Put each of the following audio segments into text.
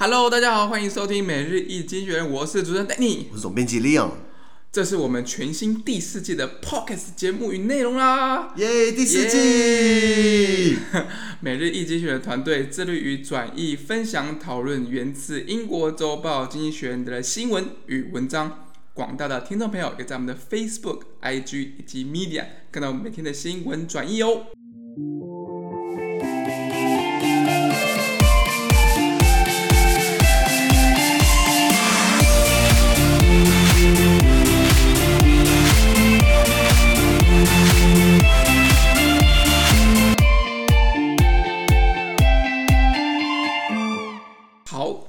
Hello，大家好，歡迎收聽每日一經濟學人，我是主持人 Danny，我是總編輯 Leon，這是我們全新第四季的 Podcast 節目與內容啦，耶，yeah, 第四季！Yeah 每日一經濟學人的團隊致力於轉譯、分享、討論源自英國週報《經濟學人》的新聞與文章，廣大的聽眾朋友可以在我們的 Facebook、IG 以及 Media 看到我們每天的新聞轉譯哦。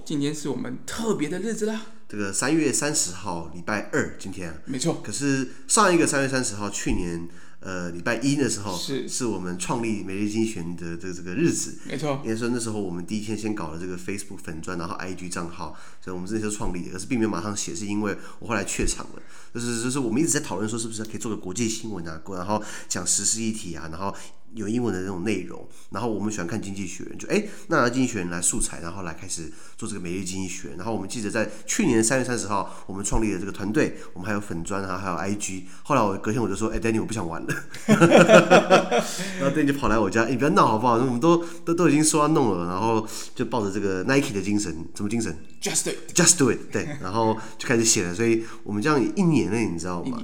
今天是我們特別的日子啦，這個三月三十號，禮拜二，今天、啊，沒錯。可是上一個三月三十號，去年，呃，禮拜一的時候，是是我們創立每日一經濟學人的這個這個日子，沒錯。也是那時候我們第一天先搞了這個 Facebook 粉專，然後 IG 賬號，所以我們這些創立，可是並沒有馬上寫，是因為我後來怯場了，就是就是我們一直在討論說是不是可以做個國際新聞啊，然後講時事議題啊，然後。有英文的那種內容，然後我們喜歡看經濟學人，就哎，拿、啊、經濟學人來素材，然後來開始做這個每日經濟學人。然後我們記得在去年三月三十號，我們創立了這個團隊，我們還有粉專，然後還有 IG。後來我隔天我就說，哎 Danny 我不想玩了。 然後 Danny 就跑來我家，哎，你不要鬧好不好？我們都都都已經說要弄了，然後就抱着這個 Nike 的精神，什麼精神？Just do it，Just do it， 對，然後就開始寫了。所以我們這樣一年了，你知道嗎？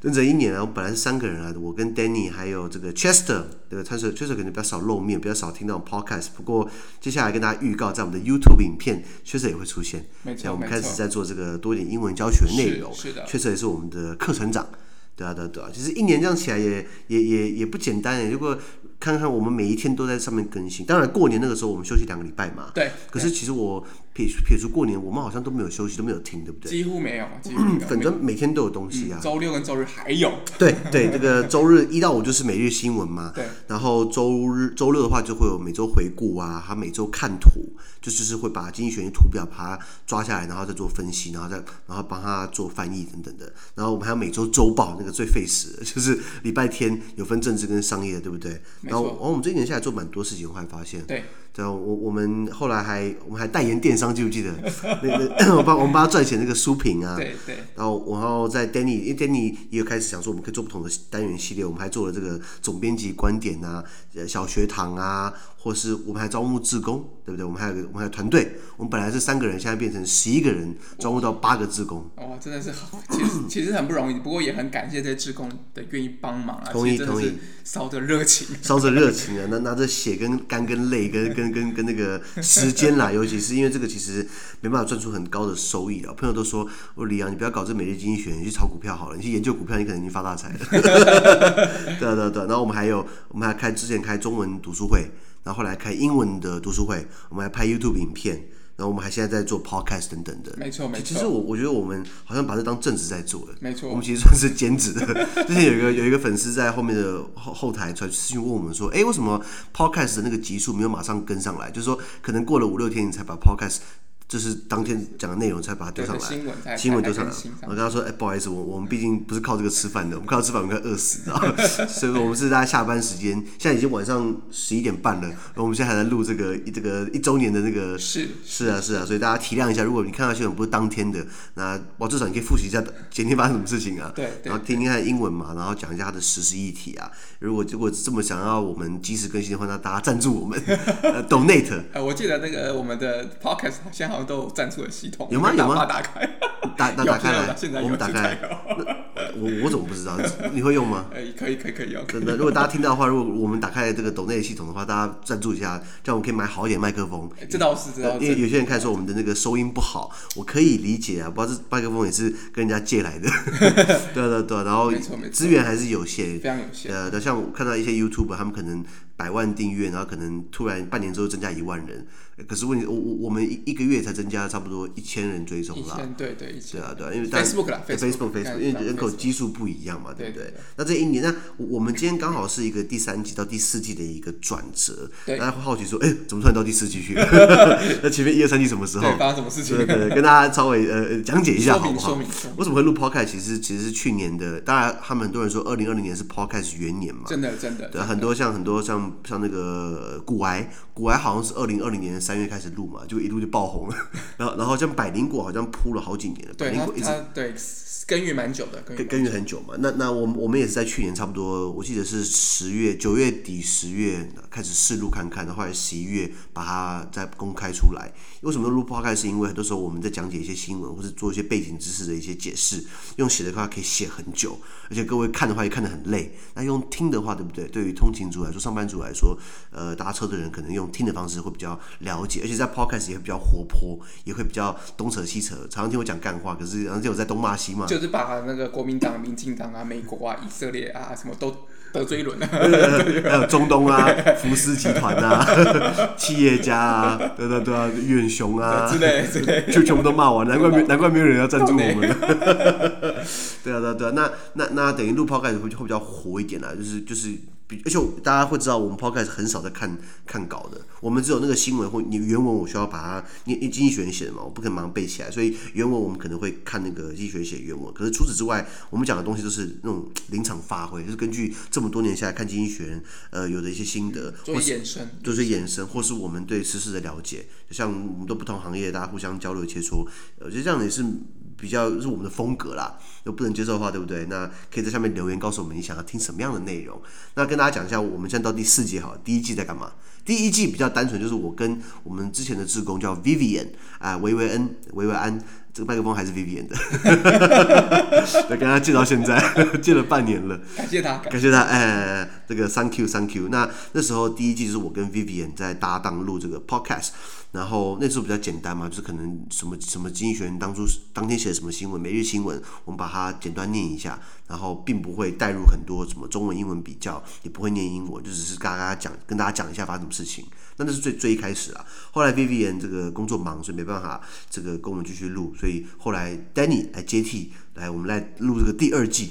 整整一年我本來是三個人來的，我跟 Danny 還有這個 Chester，對、這、吧、個？他是 Chester，可能比較少露面，比較少聽到 Podcast。不過接下來跟大家預告，在我們的 YouTube 影片，Chester 也會出現。現在，我們開始在做這個多點英文教學內容，確實也是我們的課程長，對啊，對啊，對啊。其實、啊就是、一年這樣起來也也也也不簡單、欸，如果看看我們每一天都在上面更新。當然過年那個時候我們休息兩個禮拜嘛，對。可是其實我。譬如，譬如說過年，我們好像都沒有休息，都沒有停，對不對？幾乎沒有，幾乎，反正 沒每天都有東西啊。周、嗯、六跟周日還有。對 對，那、這個周日一到五就是每日新聞嘛。對。然後周日、周六的話，就會有每周回顧啊，他每周看圖，就是會把經濟學人圖表把它抓下來，然後再做分析，然後再然後幫他做翻譯等等的。然後我們還有每周周報，那個最費時，就是禮拜天有分政治跟商業，對不對？錯然後、哦、我們這一年下來做蠻多事情，後來發現，對。我我們後來還，我們還代言電商，記不記得？那個我幫，我們幫他撰寫那個書評啊。對對。對然後，然後在 Danny，因為 Danny 也有開始想說，我們可以做不同的單元系列，我們還做了這個總編輯觀點啊，呃，小學堂啊。嗯或是我們還招募志工，對不對？我們還有個，我們還有團隊。我們本來是三個人，現在變成十一個人，招募到八個志工。哦，真的是好，其實其實很不容易， 不過也很感謝這些志工的願意幫忙同、啊、意，同意。燒着熱情，燒着熱情啊！ 那那這血跟肝跟淚跟跟跟跟那個時間啦、啊，尤其是因為這個其實沒辦法賺出很高的收益啊。朋友都說：“我說李陽，你不要搞這每日經濟學，你去炒股票好了，你去研究股票，你可能已經發大財了。 對啊”對、啊、對對、啊。然後我們還有，我們還開之前開中文讀書會。然後來開英文的讀書會，我們還拍 YouTube 影片，然後我們還現在在做 Podcast 等等的，沒錯，沒錯。其實我我覺得我們好像把這當正職在做的，沒錯。我們其實算是兼職的。之前 有一個有一個粉絲在後面的後後台傳私信問我們說，哎，為什麼 Podcast 的那個集數沒有馬上跟上來？就是說可能過了五六天你才把 Podcast。這是當天講的內容才把它丟上來，新聞，新聞丟上來。我跟他、啊、說：“哎、欸，不好意思，我我們畢竟不是靠這個吃飯的， 我們靠吃飯，我們快餓死了。所以我們是大家下班時間，現在已經晚上十一點半了。然後我們現在還在錄這個這個一周年的那個是是啊是啊，是啊，所以大家體諒一下，如果你看到新聞不是當天的，那我至少你可以複習一下前天發生什麼事情啊。對，然後聽聽看英文嘛，然後講一下它的時事議題啊。如果如果這麼想要我們及時更新的話，那大家贊助我們，呃 ，donate、呃。我記得那個我們的 podcast 好像。都贊助的系統有嗎？有嗎？打開，打打打開來。我們打開來。我我怎麼不知道？你會用嗎？哎，可以可以可以哦。真的如果大家聽到的話，如果我們打開這個抖內系統的話，大家贊助一下，這樣我可以買好一點麥克風。這倒是，因為有些人開始說我們的那個收音不好，我可以理解啊。不知道這麥克風也是跟人家借來的。對對對，然後沒錯沒錯，資源還是有限，非常有限。呃，像我看到一些 YouTube，他們可能百萬訂閱，然後可能突然半年之後增加一萬人。可是問題，我我我們一一個月才增加差不多一千人追蹤啦，對對，對啊對啊，因為 Facebook Facebook Facebook，因為人口基數不一樣嘛，對對。那這一年，那我們今天剛好是一個第三季到第四季的一個轉折，大家會好奇說，哎，怎麼突然到第四季去？那前面一二三季什麼時候？發生什麼事情？對，跟大家稍微呃講解一下好不好？說明說明，我怎麼會錄 Podcast？其實其實是去年的，當然他們很多人說二零二零年是 Podcast 元年嘛，真的真的。對，很多像很多像像那個股癌股癌好像是二零二零年。三月開始錄嘛，就一路就爆紅了。然後，然後像百靈果好像鋪了好幾年。對，百靈果一直對耕耘蠻久的，耕耘很久嘛。那那我們我們也是在去年差不多，我記得是十月九月底十月開始試錄看看，然後十一月把它再公開出來。為，為什麼錄好開？是因為很多時候我們在講解一些新聞或者做一些背景知識的一些解釋，用寫的話可以寫很久，而且各位看的話也看得很累。那用聽的話，對不對？對於通勤族來說，上班族來說，呃，搭車的人可能用聽的方式會比較了。而且在 Podcast 也會比較活潑，也會比較東扯西扯，常常聽我講幹話。可是，而且我在東罵西罵，就是把那個國民黨、民進黨啊、美國啊、以色列啊什麼都得罪一輪啊，還有中東啊、對福斯集團啊、 企業家啊，對對對啊，院雄啊之類就全部都罵完，難怪沒難怪沒有人要贊助我們。 對啊對啊對，那那那，那等於錄 Podcast 會比較活一點啊，就是就是。而且大家會知道，我們 Podcast 很少在看看稿的，我們只有那個新聞或你原文，我需要把它，你你經濟學人寫的嘛，我不可能馬上背起來，所以原文我們可能會看那個經濟學人寫原文。可是除此之外，我們講的東西都是那種臨場發揮，就是根據這麼多年下來看經濟學人，呃，有的一些心得，是衍生或是延伸，就是衍生或是我們對時事的了解，就像我們都不同行業，大家互相交流切磋，覺得、呃、這樣也是。比較是我們的風格啦，又不能接受的話，對不對？那可以在下面留言告訴我們你想要聽什麼樣的內容。那跟大家講一下，我們現在到第四季哈，第一季在幹嘛？第一季比較單純，就是我跟我們之前的志工叫 Vivian 啊、呃，維維恩、維維安，這個麥克風還是 Vivian 的，那跟他借到現在，借了半年了，感謝他，感謝感感他，哎。哎哎哎這個 Thank you, Thank you。那那時候第一季就是我跟 Vivian 在搭檔錄這個 Podcast，然後那時候比較簡單嘛，就是可能什麼什麼經濟學人當初當天寫的什麼新聞，每日新聞，我們把它簡單念一下，然後並不會帶入很多什麼中文英文比較，也不會念英文，就只是跟大家講，跟大家講一下發生什麼事情。那那是最最一開始啊，後來 Vivian 這個工作忙，所以沒辦法這個跟我們繼續錄，所以後來 Danny 來接替，來我們來錄這個第二季。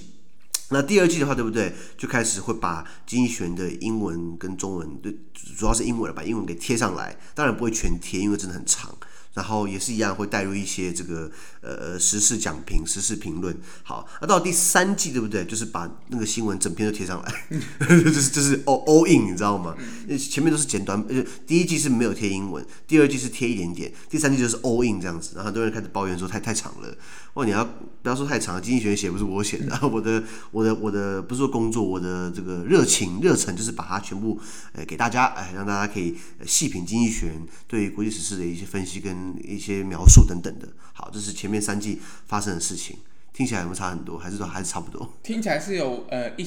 那第二季的話，對不對？就開始會把精選的英文跟中文，對，主要是英文，把英文給貼上來。當然不會全貼，因為真的很長。然後也是一樣，會帶入一些這個呃時事講評、時事評論。好，那、啊、到第三季對不對？就是把那個新聞整篇都貼上來， 就是就是 all in，你知道嗎？那前面都是簡短，第一季是沒有貼英文，第二季是貼一點點，第三季就是 all in 這樣子。然後很多人開始抱怨說太太長了。哦，你要不要說太長了？經濟學人寫，不是我寫的， 我的我的我的不是說工作，我的這個熱情熱忱就是把它全部給大家，哎，讓大家可以細品經濟學對於國際時事的一些分析跟。一些描述等等的。好，這是前面三季發生的事情，聽起來有沒有差很多，還是說還是差不多？聽起來是有呃一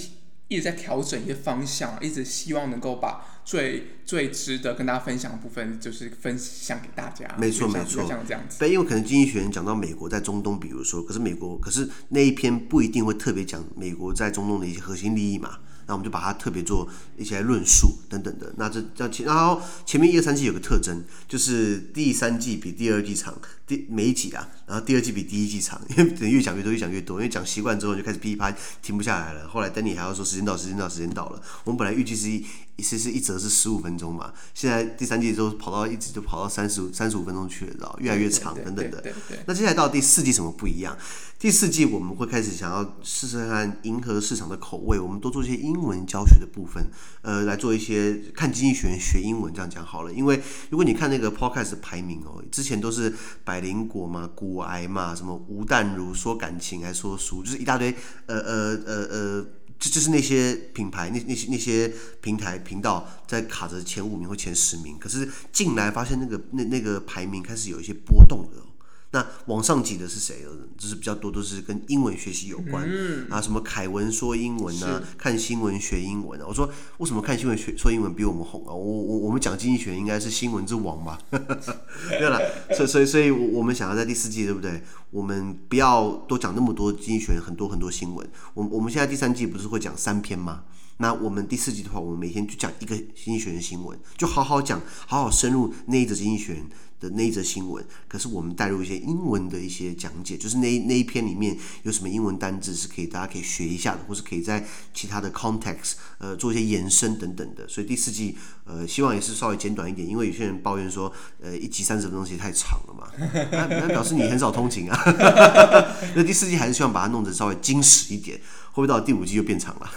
一直在調整一些方向，一直希望能夠把最最值得跟大家分享的部分，就是分享給大家。啊、沒錯，沒錯，像這樣子，因為可能經濟學人講到美國在中東，比如說，可是美國可是那一篇不一定會特別講美國在中東的一些核心利益嘛。那我們就把它特別做一些論述等等的。那這這前然後前面一、二、三季，有個特徵，就是第三季比第二季長，第每一集啊，然後第二季比第一季長，因為等於越講越多，越講越多，因為講習慣之後就開始噼啪、啪、啪，停不下來了。後來 Danny 還要說時間到，時間到，時間到了。我們本來預計是。意思是一集是十五分鐘嘛，現在第三季都跑到一直就跑到三十三十五分鐘去了，然後越來越長，等等的。那接下來到第四季什麼不一樣？第四季我們會開始想要試試看迎合市場的口味，我們多做一些英文教學的部分，呃，來做一些看《經濟學人》學英文，這樣講好了。因為如果你看那個 Podcast 排名哦、喔，之前都是百靈果嘛、股癌嘛、什麼吳淡如說感情還說書，就是一大堆，呃呃呃呃。這就是那些品牌，那那些那些平台頻道在卡着前五名或前十名，可是近來發現那個那那個排名開始有一些波動了。那往上擠的是誰？就是比較多都是跟英文學習有關、嗯、啊，什麼凱文說英文啊，是看新聞學英文啊。我說為什麼看新聞學說英文比我們紅啊？我我我們講經濟學人應該是新聞之王吧？ 對了，所以所以所以我們想要在第四季對不對？我們不要多講那麼多經濟學人很多很多新聞。我我們現在第三季不是會講三篇嗎？那我們第四季的話，我們每天就講一個經濟學人的新聞，就好好講，好好深入那一個經濟學人的那一則新聞，可是我們帶入一些英文的一些講解，就是那那一篇裡面有什麼英文單字是可以大家可以學一下的，或是可以在其他的 context 呃做一些延伸等等的。所以第四季呃，希望也是稍微簡短一點，因為有些人抱怨說，呃，一集三十分鐘也太長了嘛，那表示你很少通勤啊。 那第四季還是希望把它弄得稍微精實一點。會不會到第五季就變長了？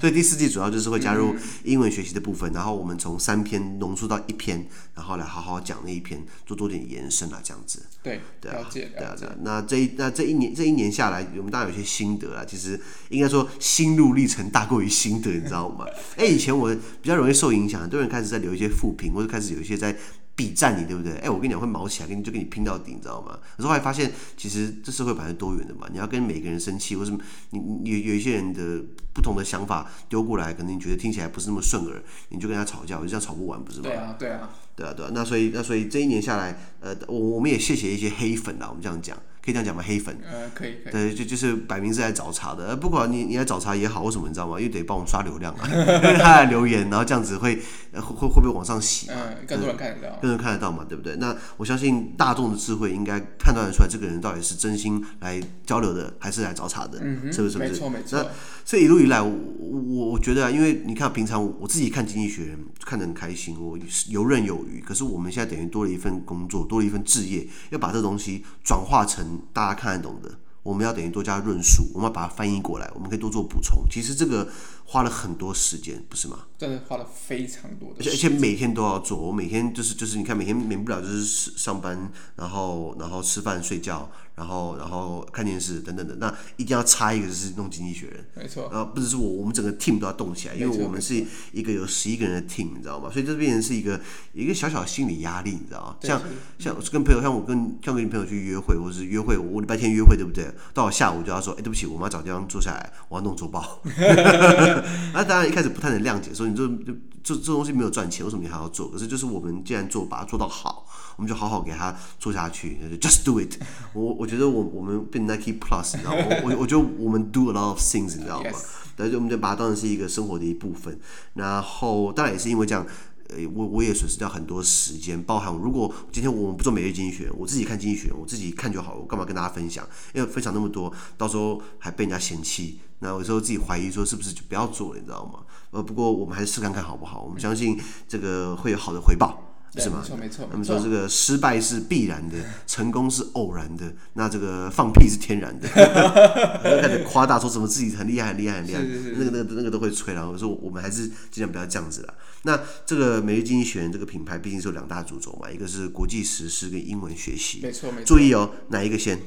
所以 第四季主要就是會加入英文學習的部分，嗯嗯，然後我們從三篇濃縮到一篇，然後來好好講那一篇，做多點延伸啊，這樣子。對，對、啊了解，了解對、啊。對啊，那這那這一年這一年下來，我們當然有些心得啊，其實應該說，心路歷程大過於心得，你知道嗎？哎、 欸，以前我比較容易受影響，很多人開始在留一些負評，或者開始有一些在。比讚，你對不對？哎、欸，我跟你講，會毛起來，跟你就跟你拼到底，你知道嗎？可是後來發現，其實這社會本來多元的嘛，你要跟每個人生氣，或者你你有有一些人的不同的想法丟過來，可能你覺得聽起來不是那麼順耳，你就跟他吵架，我就這樣吵不完，不是嗎？對啊，對啊，對啊，對啊。那所以那所以這一年下來，呃，我我們也謝謝一些黑粉啦，我們這樣講。可以這樣講嗎？黑粉，嗯、呃，可以，可以，對，就就是擺明是來找茬的。不管你，你來找茬也好，或什麼，你知道嗎？又得幫我們刷流量、啊， 因為他來留言，然後這樣子會、呃、會會不會往上洗？嗯、呃，更多人看得到，更多人看得到嘛，對不對？那我相信大眾的智慧應該判斷得出來，這個人到底是真心來交流的，還是來找茬的？嗯哼是不是？沒錯，沒錯。所以一路以來，我我,我覺得、啊，因為你看，平常我,我自己看經濟學。看得很開心，我是遊刃有餘。可是我們現在等於多了一份工作，多了一份置業，要把這東西轉化成大家看得懂的。我們要等於多加論述，我們要把它翻譯過來，我們可以多做補充。其實這個。花了很多時間，不是嗎？真的花了非常多的時間，而且每天都要做。我每天就是就是，你看每天免不了就是上班，然後然後吃飯睡覺，然後然後看電視等等的。那一定要插一個就是弄經濟學人，沒錯。然後不只是我，我們整個 team 都要動起來，因為我們是一個有十一個人的 team，你知道嗎？所以就變成是一個一個小小的心理壓力，你知道嗎？像像我跟朋友，像我跟像跟女朋友去約會，或是約會，我禮拜天約會，對不對？到下午就要說，哎，對不起，我們找地方坐下來，我要弄週報。 那當然一開始不太能諒解，說你這、這、這、這東西沒有賺錢，為什麼你還要做？可是就是我們既然做，把它做到好，我們就好好給它做下去，就，就 just do it。我我我覺得我我們變 Nike Plus，然後我我我覺得我們 do a lot of things，你知道嗎？但是 Yes. 我們就把它當成是一個生活的一部分。然後當然也是因為這樣。誒、欸，我我也損失掉很多時間，包含如果今天我們不做每日經濟學，我自己看經濟學，我自己看就好了，我幹嘛？跟大家分享？因為分享那麼多，到時候還被人家嫌棄，那我有時候自己懷疑說是不是就不要做了，你知道嗎？呃，不過我們還是試看看好不好？我們相信這個會有好的回報。是嗎，沒錯沒錯，他們說這個失敗，是必然的，成功是偶然的。那這個放屁是天然的，開始誇大說什麼自己很厲害很厲害很厲害，那個那個那個都會吹了。我說我們還是儘量不要這樣子了。那這個每日經濟學人這個品牌畢竟是有兩大主軸嘛，一個是國際時事跟英文學習，沒錯沒錯。注意哦，哪一個先？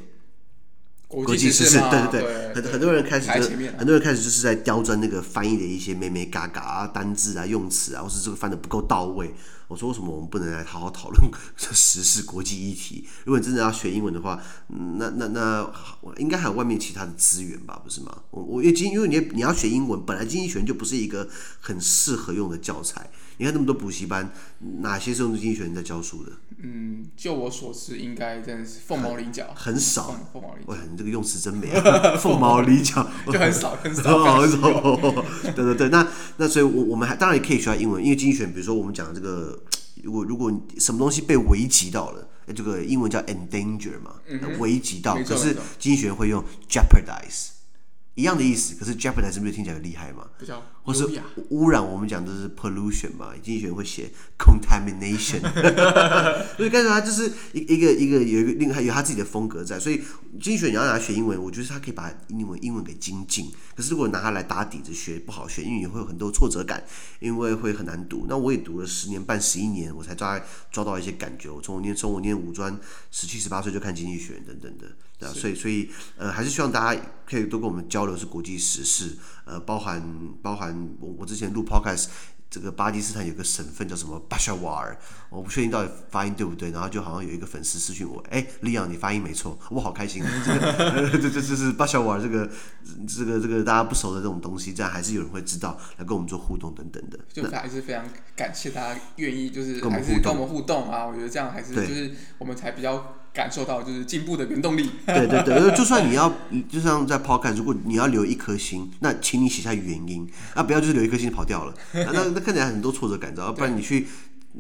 國際時事，對對對，很很多人開始，很多人開始就是在刁鑽那個翻譯的一些咩咩嘎嘎啊、單字啊、用詞啊，或是這個翻得不夠到位。我說為什麼我們不能來討好好討論時事國際議題？如果你真的要學英文的話，那那那應該還有外面其他的資源吧，不是嗎？我我因為因為你你要學英文，本來經濟學人就不是一個很適合用的教材。你看那麼多補習班，哪些是用的經濟學人在教書的？嗯，就我所知，應該真的是鳳毛麟角，啊、很少。鳳毛麟角，哎，你這個用詞真美，啊，鳳 毛，毛麟角就很少， 很少，很少。對對對，那那所以，我我們還當然也可以學英文，因為經濟學人，比如說我們講這個。如果如果什麼東西被危及到了，這個英文叫 endanger 嘛，嗯、哼危及到。錯可是經濟學人會用 jeopardize。一樣的意思，可是 Japanese 這聽起來很厲害嗎？比較、啊，或是污染，我們講的是 pollution 嘛。經濟學院會寫 contamination，所以看到 他 就是一個一個一個有一個另有他自己的風格在。所以經濟學你要拿他學英文，我覺得他可以把英文英文給精進。可是如果拿他來打底子學不好學，因為你會有很多挫折感，因為會很難讀。那我也讀了十年半十一年，我才抓抓到一些感覺。我從我念從我念五專，十七十八歲就看經濟學等等的。對、啊，所以所以呃，還是希望大家可以多跟我們交流，是國際時事，呃，包含包含我我之前錄 podcast，這個巴基斯坦有個省份叫什麼巴夏瓦爾，我不確定到底發音對不對，然後就好像有一個粉絲私信我，哎，、欸，利昂你發音沒錯，我好開心，這這這是巴夏瓦爾這個、呃、這, ar, 這個這個、這個、大家不熟的這種東西，這樣還是有人會知道來跟我們做互動等等的，就還是非常感謝大家願意就是還是跟我們互動啊，我覺得這樣還是就是我們才比較。感受到就是進步的原動力。對對對， 就算你要，就像在拋開，如果你要留一顆星，那請你寫下原因，那不要就是留一顆星跑掉了。 那那看起來很多挫折感，知道不然你去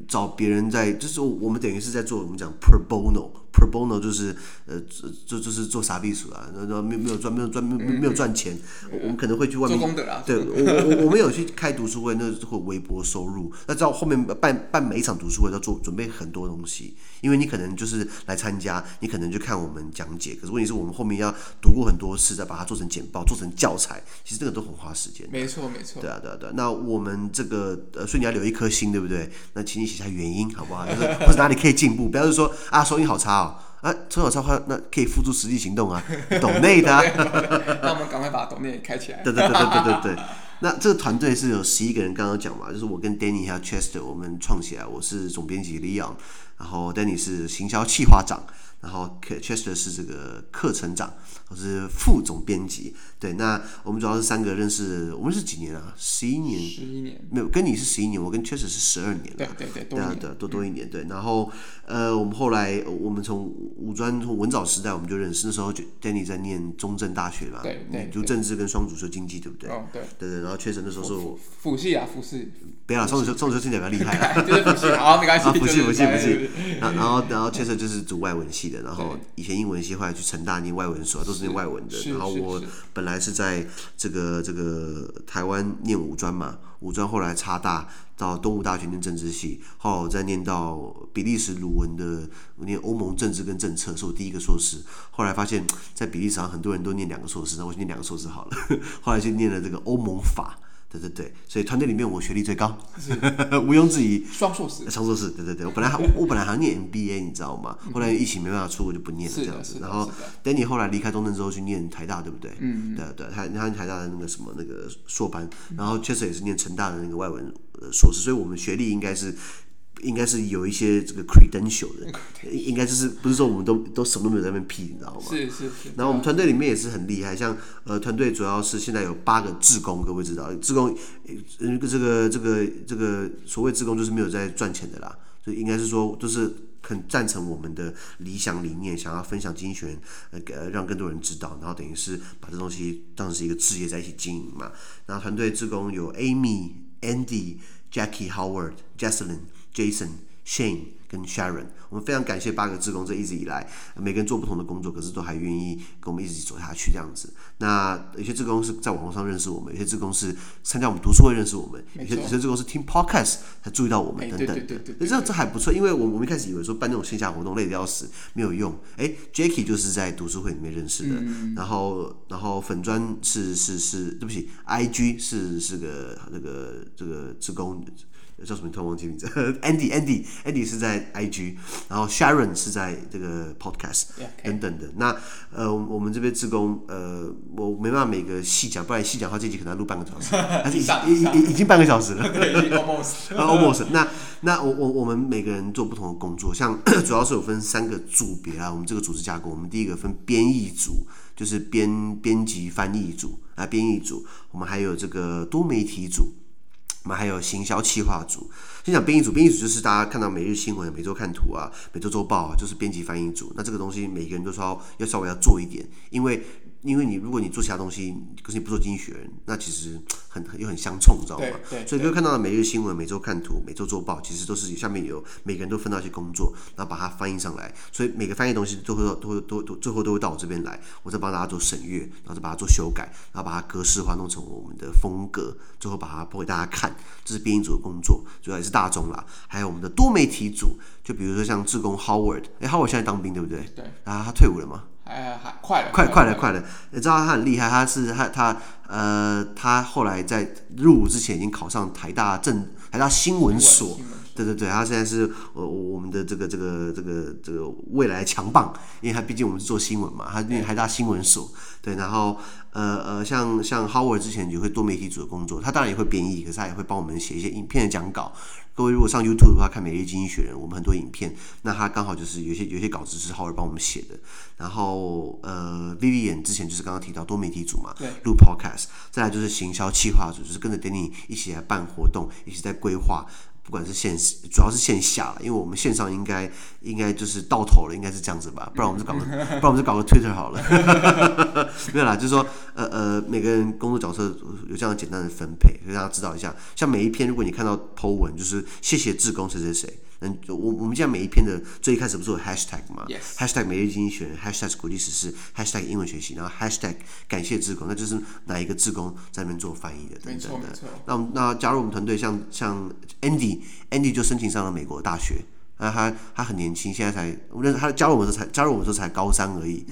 找別人在，就是我們等於是在做我們講 pro bono。Pro bono 就是呃做就，就是做傻逼鼠啊，那那沒有沒有賺沒有賺沒、嗯、沒有賺錢，嗯、我們可能會去外面做功德、啊、對， 我我我們有去開讀書會，那就會微薄收入。那知道後面辦辦，辦每一場讀書會要做準備很多東西，因為你可能就是來參加，你可能就看我們講解。可是問題是我們後面要讀過很多次，再把它做成簡報，做成教材，其實這個都很花時間。沒錯沒錯。沒錯對啊對啊對啊。那我們這個呃，所以你要留一顆心，對不對？那請你寫下原因好不好？就是 或者是哪裡可以進步，不要是說啊，收音好差哦。啊，吹小超，那可以付出實際行動啊，抖內啊， 那我們趕快把抖內開起來。 對，對對對對對對對。那這個團隊是有十一個人，剛剛講嘛，就是我跟 Danny 還有 Chester 我們創起來，我是總編輯 Leon，然後 Danny 是行銷企劃長，然後 Chester 是這個課程長。我是副總編輯，對，那我們主要是三個認識，我們是幾年啊？十一年，十一年，沒有跟你是十一年，我跟確實，是十二年了，對對對，多多一年，對。然後，呃，我們後來，我們從五專從文藻時代我們就認識，那時候就 Danny 在念中正大學嘛，對對，讀政治跟雙主修經濟，對不對？對對對，然後確實那時候是我輔系啊，輔系，別啊，雙主修，雙主修比較厲害，就是輔系，好沒關係，輔系輔系輔系。然後然後然後確實就是讀外文系的，然後以前英文系後來去成大念外文所，都是。是外文的，然後我本來是在這個這個台灣念五專嘛，五專後來插大到東吳大學念政治系，後來我再念到比利時魯文的，我念歐盟政治跟政策，是我第一個碩士。後來發現，在比利時很多人都念兩個碩士，那我就念兩個碩士好了。後來就念了這個歐盟法。對對對，所以團隊裡面我學歷最高，毋是 庸置疑，雙碩士，雙碩士，對對對，我本來我 我本來還念 MBA，你知道嗎？後來疫情沒辦法出，我就不念了這樣子。然後 Danny 後來離開中正之後去念台大，對不對？嗯，嗯對，對對，他他台大的那個什麼那個碩班，嗯、然後確實也是念成大的那個外文、呃、碩士，所以我們學歷應該是。應該是有一些這個 credential 的，應該就是不是說我們都都什麼都沒有在那邊批，你知道嗎？是是是。是是，然後我們團隊裡面也是很厲害，像呃團隊主要是現在有八個志工，各位知道志工，呃、這個這個這個這個所謂志工就是沒有在賺錢的啦，應就應該是說就是很贊成我們的理想理念，想要分享經濟學，呃，讓更多人知道，然後等於是把這東西當成是一個事業在一起經營嘛。然後團隊志工有 Amy、Andy、Jackie、Howard、Jessalyn Jason、Shane 跟 Sharon，我們非常感謝八個志工，這一直以來每個人做不同的工作，可是都還願意跟我們一起走下去這樣子。那有些志工是在網絡上認識我們，有些志工是參加我們讀書會認識我們，錯有些有些志工是聽 Podcast 才注意到我們等等的。那、欸、這這還不錯，因為我我們一開始以為說辦這種線下活動累得要死，沒有用。Jackie 就是在讀書會裡面認識的，嗯、然後然後粉專是是是，是，對不起，IG 是是個這個這個志工。叫什麼？突然忘記名字。Andy，Andy，Andy Andy, Andy 是在 IG，然後 Sharon 是在這個 podcast 等等的。Yeah, okay. 那呃，我們這邊志工呃，我沒辦法每個細講，不然細講的話，這集可能要錄半個小時， 還是已已已 已經半個小時了，almost。那 almost。那那我我我們每個人做不同的工作，像 主要是有分三個組別啊。我們這個組織架構，我們第一個分編譯組，就是編編輯翻譯組啊。編譯組，我們還有這個多媒體組。我們還有行銷企劃組，先講編譯組，編譯組就是大家看到每日新聞、每週看圖啊、每週週報啊，就是編輯翻譯組。那這個東西，每個人都稍要稍微要做一點，因為。因為你如果你做其他東西，可是你不做經濟學人，那其實很很又很相衝，知道嗎？對對對，所以各位看到了每日新聞、每周看圖、每周週報，其實都是下面有每個人都分到一些工作，然後把它翻譯上來。所以每個翻譯的東西最後都會都都最後都會到我這邊來，我再幫大家做審閱，然後再把它做修改，然後把它格式化弄成我們的風格，最後把它播給大家看。這是編譯組的工作，主要也是大眾啦，還有我們的多媒體組，就比如說像志工 Howard，哎，Howard 現在當兵對不對？對，然後他退伍了嘛。哎，快了，快快了，快了！你了知道他很厲害，他是他他呃，他後來在入伍之前已經考上台大政，台大新聞所。文對對對，他現在是，呃、我，我，我們的這個這個這個這個未來強棒，因為他畢竟我們是做新聞嘛，他畢竟還大新聞所。對，然後呃呃，像像 Howard 之前也會多媒體組的工作，他當然也會編譯，可是他也會幫我們寫一些影片的講稿。各位如果上 YouTube 的話，看每日經濟學人，我們很多影片，那他剛好就是有些有些稿子是 Howard 幫我們寫的。然後呃，Vivian 之前就是剛剛提到多媒體組嘛，錄 Podcast，再來就是行銷企劃組，就是跟着 Danny 一起來辦活動，一起在規劃。不管是線，主要是線下了，因為我們線上應該應該就是到頭了，應該是這樣子吧？不然我們就搞個， 不然我們就搞個 Twitter 好了。 沒有啦，就是說，呃呃，每個人工作角色有這樣簡單的分配，所以大家知道一下。像每一篇，如果你看到 Po 文，就是謝謝志工誰誰誰。嗯，我我們現在每一篇的最一開始不是有 hashtag 嘛 Yes.？hashtag 每日一經濟學人 hashtag 國際時事 hashtag 英文學習，然後 hashtag 感謝志工，那就是哪一個志工在那邊做翻譯的，等等的。那那加入我們團隊，像像 Andy，Andy 就申請上了美國的大學。那、啊、他他很年輕，現在才我認識他加入我們的時候才加入我們的時候才高三而已，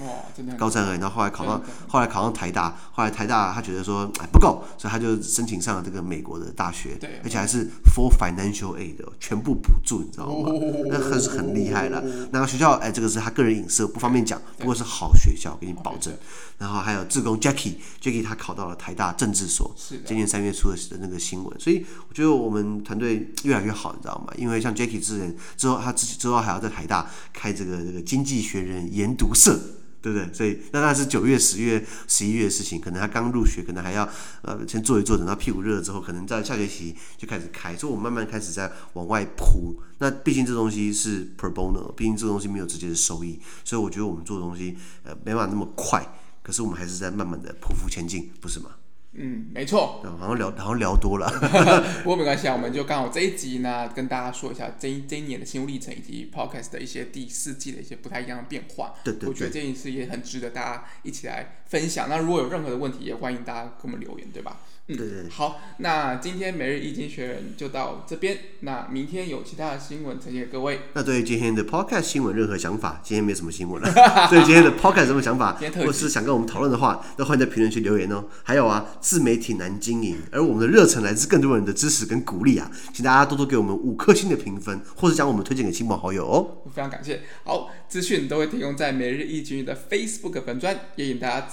高，高三而已。然後後來考到後來考上台大，後來台大他覺得說唉不夠，所以他就申請上了這個美國的大學，對，而且還是 for financial aid 的全部補助，你知道嗎？那還、哦哦、是很厲害的。那個、哦哦哦、學校哎，這個是他個人隱私，不方便講，不過是好學校，我給你保證。然後還有志工 Jackie Jackie 他考到了台大政治所，今年三月初的那個新聞。的所以我覺得我們團隊越來越好，你知道嗎？因為像 Jackie 之前之後。他之後還要在台大開這個這個經濟學人研讀社，對不對？所以那那是九月、十月、十一月的事情，可能他剛入學，可能還要呃先做一做，等到屁股熱了之後，可能在下學期就開始開。所以，我們慢慢開始在往外鋪。那畢竟這東西是 pro bono，畢竟這東西沒有直接的收益，所以我覺得我們做的東西呃沒辦法那麼快，可是我們還是在慢慢的匍匐前進，不是嗎？嗯，沒錯。嗯，好像聊好像聊多了， 不過沒關係啊，我們就剛好這一集呢，跟大家說一下這一，這一年的心路歷程，以及 Podcast 的一些第四季的一些不太一樣的變化。對對對，我覺得這一次也很值得大家一起來。分享，那如果有任何的問題也歡迎大家給我們留言對吧？嗯，對對、對。好，那今天每日一經濟學人就到這邊，那明天有其他的新聞呈現給各位。那對於今天的 Podcast 新聞任何想法，今天沒有什麼新聞了， 對於今天的 Podcast 什麼想法， 今天特或是想跟我們討論的話，都歡迎在評論區留言哦。還有啊，自媒體難經營，而我們的熱忱來自更多人的支持跟鼓勵啊，請大家多多給我們五顆星的評分，或是將我們推薦給親朋好友哦。非常感謝。好，資訊都會提供在每日一經濟學人的 Facebook 粉專，也請大家。